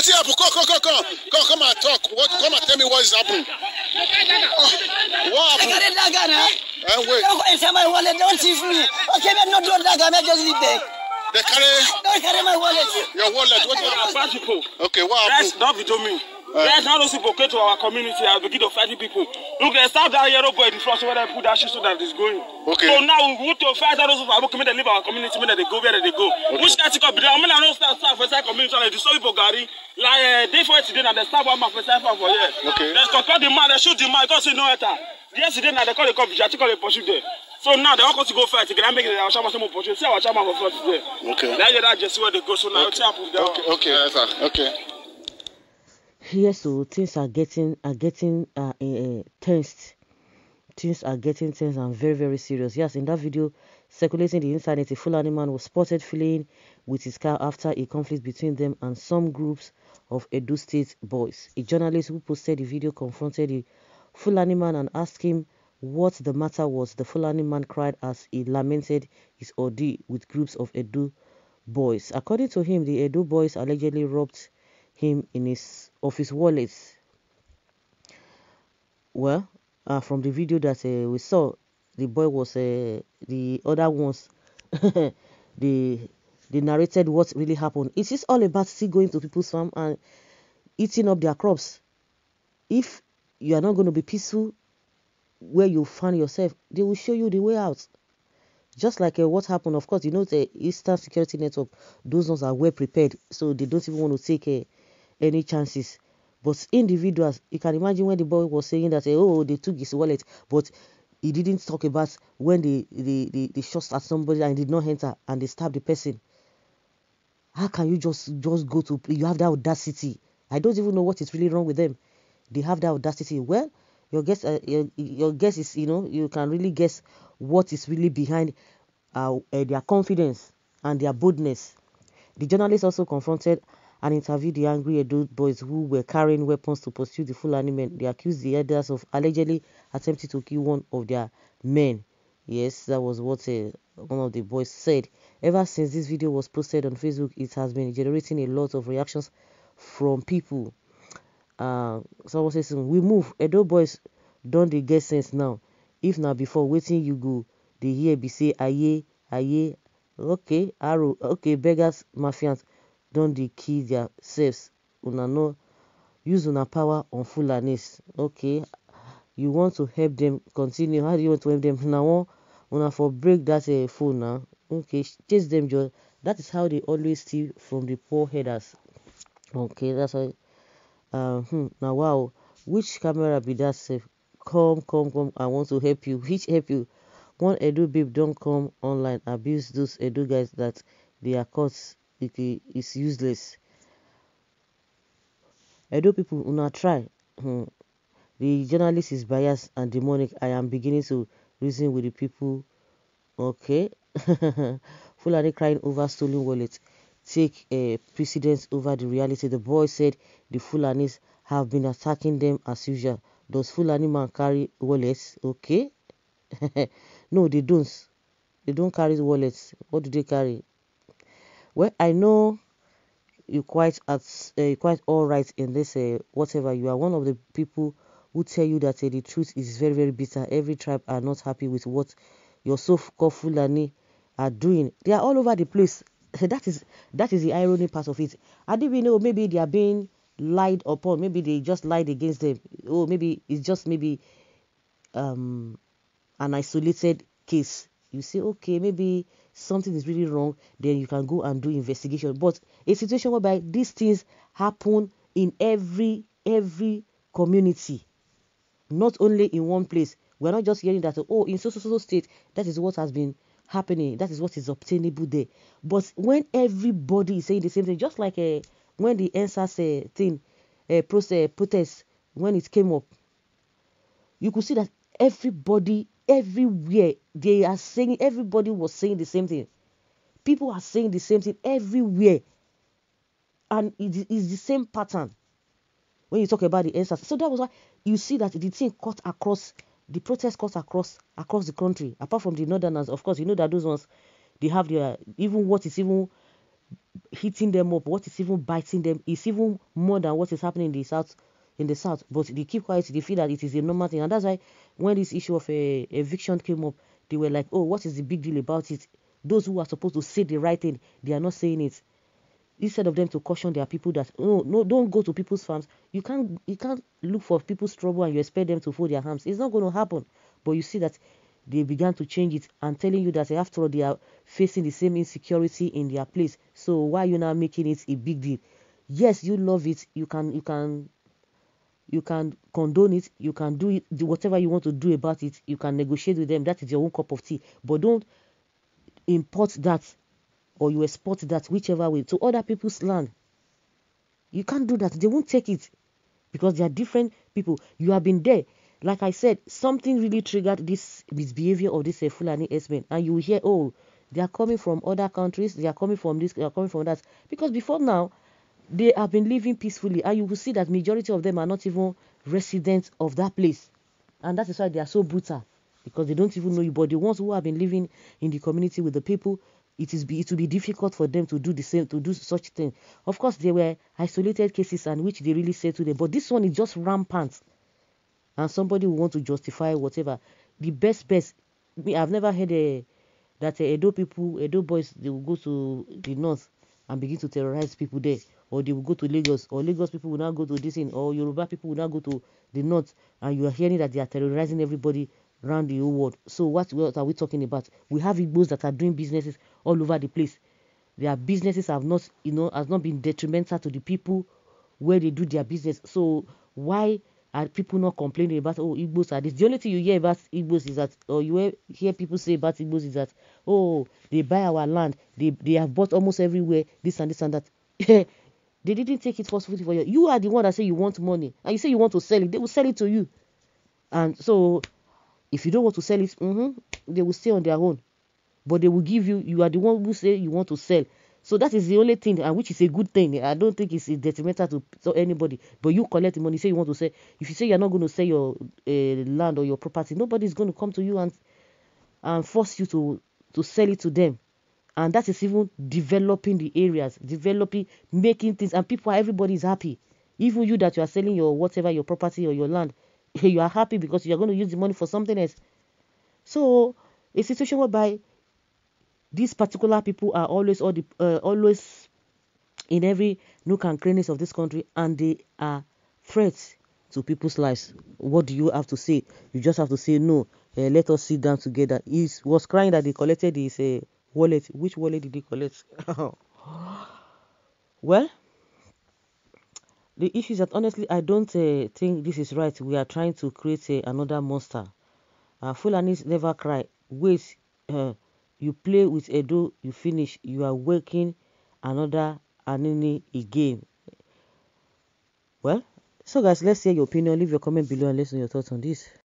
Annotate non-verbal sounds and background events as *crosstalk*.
What's it happen? Come, come, come, come. Come, come and talk. What, come and tell me what is happening. Oh, ah, what happened? I got a dagger, eh? Eh, wait. Don't enter my wallet. Don't thief me. Okay, man, not your dagger. Man, just leave there. They carry... Don't carry my wallet. Your wallet. What happened? Okay, what happened? That's not with me. Let's not also vocate to our community as we get offending people. Look, they start that yellow boy in front where they put that shit so that it's going. Okay. So now we want to fight that also for our community, leave our community, where they go, where they go. Okay. Which can't be there. I mean, I don't start start for that community, like the so people Gary. Like, uh, they for it today, and they start one man for seven for here. Okay. Let's call the man, they shoot the man, because they know it. Ah. Yesterday, now they call the cop, they call the pursuit there. So now they want go to go fight again. I make our chairman some opportunity. See our chairman for first today. Okay. Now you're not just where they go. So now okay. you okay. Okay. Okay. Yes, sir. Okay. here so things are getting are getting uh, uh, tensed things are getting tense and very very serious yes in that video circulating the internet a fulani man was spotted fleeing with his car after a conflict between them and some groups of edo state boys a journalist who posted the video confronted the fulani man and asked him what the matter was the fulani man cried as he lamented his ordeal with groups of edo boys according to him the edo boys allegedly robbed him in his of his wallet. Well, uh, from the video that uh, we saw, the boy was uh, the other ones. *laughs* the they narrated what really happened. It is all about still going to people's farm and eating up their crops. If you are not going to be peaceful where you find yourself, they will show you the way out. Just like uh, what happened, of course, you know, the Eastern Security Network, those ones are well prepared, so they don't even want to take a uh, any chances. But individuals, you can imagine when the boy was saying that, eh, oh, they took his wallet, but he didn't talk about when they, they, they, they shot at somebody and did not enter and they stabbed the person. How can you just just go to you have that audacity? I don't even know what is really wrong with them. They have that audacity. Well, your guess uh, your, your guess is you know you can really guess what is really behind uh, uh, their confidence and their boldness. The journalist also confronted and interviewed the angry adult boys who were carrying weapons to pursue the full men. They accused the elders of allegedly attempting to kill one of their men. Yes, that was what uh, one of the boys said. Ever since this video was posted on Facebook, it has been generating a lot of reactions from people. Uh, someone says, We move. Edo boys don't they get sense now. If not before waiting, you go. They hear be say, Aye, aye. Okay, arrow. Okay, beggars, mafians don dey kill selves una no use una power on fulanis okay you want to help them continue how do you want to help them? una wan una for break that uh, phone now okay chase them. just that is how they always steal from the poor headers okay that's why uh, hmm, now wow which camera be that safe come come come i want to help you which help you one bib babe don come online abuse those edu guys that they are caught it is useless. Edo people, una try. Hmm. the journalist is biased and demonic. I am beginning to reason with the people. Okay. *laughs* Fulani crying over stolen wallet. Take uh, precedence over the reality. The boy said the Fulanis have been attacking them as usual. Does Fulani man carry wallets? Okay. *laughs* no, they don't. They don't carry wallets. What do they carry? well i know you quite at uh, quite all right in this uh, whatever you are one of the people who tell you that uh, the truth is very very bitter every tribe are not happy with what your so-called fulani are doing they are all over the place *laughs* that is that is the irony part of it i didn't even know maybe they are being lied upon maybe they just lied against them oh maybe it's just maybe um an isolated case you say okay maybe something is really wrong, then you can go and do investigation. But a situation whereby these things happen in every every community, not only in one place. We are not just hearing that oh, in so so so state that is what has been happening. That is what is obtainable there. But when everybody is saying the same thing, just like uh, when the NSAS uh, eh, thing uh, eh, process, protest when it came up, you could see that everybody, everywhere, they are saying, everybody was saying the same thing. People are saying the same thing everywhere. And it is the same pattern when you talk about the answers. So that was why you see that the thing cut across, the protest cut across across the country. Apart from the northerners, of course, you know that those ones, they have their, even what is even hitting them up, what is even biting them, is even more than what is happening in the south in the south, but they keep quiet. They feel that it is a normal thing, and that's why when this issue of eh, eviction came up, they were like, "Oh, what is the big deal about it?" Those who are supposed to say the right thing, they are not saying it. Instead of them to caution their people that, "No, oh, no, don't go to people's farms. You can't, you can't look for people's trouble and you expect them to fold their hands. It's not going to happen." But you see that they began to change it and telling you that eh, after all they are facing the same insecurity in their place. So why are you now making it a big deal? Yes, you love it. You can, you can you can condone it, you can do it, do whatever you want to do about it, you can negotiate with them. That is your own cup of tea. But don't import that or you export that, whichever way, to other people's land. You can't do that. They won't take it because they are different people. You have been there. Like I said, something really triggered this misbehavior of this uh, Fulani S-men. And you hear, oh, they are coming from other countries, they are coming from this, they are coming from that. Because before now, they have been living peacefully and you will see that majority of them are not even residents of that place and that is why they are so brutal because they don't even know you but the ones who have been living in the community with the people it is be, it will be difficult for them to do the same to do such thing of course there were isolated cases and which they really said to them but this one is just rampant and somebody will want to justify whatever the best best i've never heard a, eh, that a eh, edo people edo boys they will go to the north and begin to terrorize people there. Or they will go to Lagos, or Lagos people will now go to this in, or Yoruba people will now go to the north, and you are hearing that they are terrorizing everybody around the whole world. So what, what are we talking about? We have Igbos that are doing businesses all over the place. Their businesses have not, you know, has not been detrimental to the people where they do their business. So why and people not complaining about oh Igbos are this. The only thing you hear about Igbos is that or you hear people say about Igbos is that oh they buy our land, they they have bought almost everywhere, this and this and that. *laughs* they didn't take it forcefully for you. You are the one that say you want money and you say you want to sell it, they will sell it to you. And so if you don't want to sell it, mm-hmm, they will stay on their own. But they will give you, you are the one who say you want to sell. So that is the only thing, and which is a good thing. I don't think it's detrimental to, to anybody. But you collect money, say you want to sell. if you say you're not going to sell your uh, land or your property, nobody's going to come to you and and force you to to sell it to them. And that is even developing the areas, developing, making things, and people, everybody is happy. Even you that you are selling your whatever, your property or your land, *laughs* you are happy because you are going to use the money for something else. So, a situation whereby these particular people are always all the, uh, always in every nook and crannies of this country and they are threats to people's lives what do you have to say you just have to say no uh, let us sit down together he was crying that they collected his uh, wallet which wallet did he collect *laughs* well the issue is that honestly i don't uh, think this is right we are trying to create another monster uh, fulanis never cry wait you play with Edo, you finish. You are working another Anini game. Well, so guys, let's hear your opinion. Leave your comment below and let us know your thoughts on this.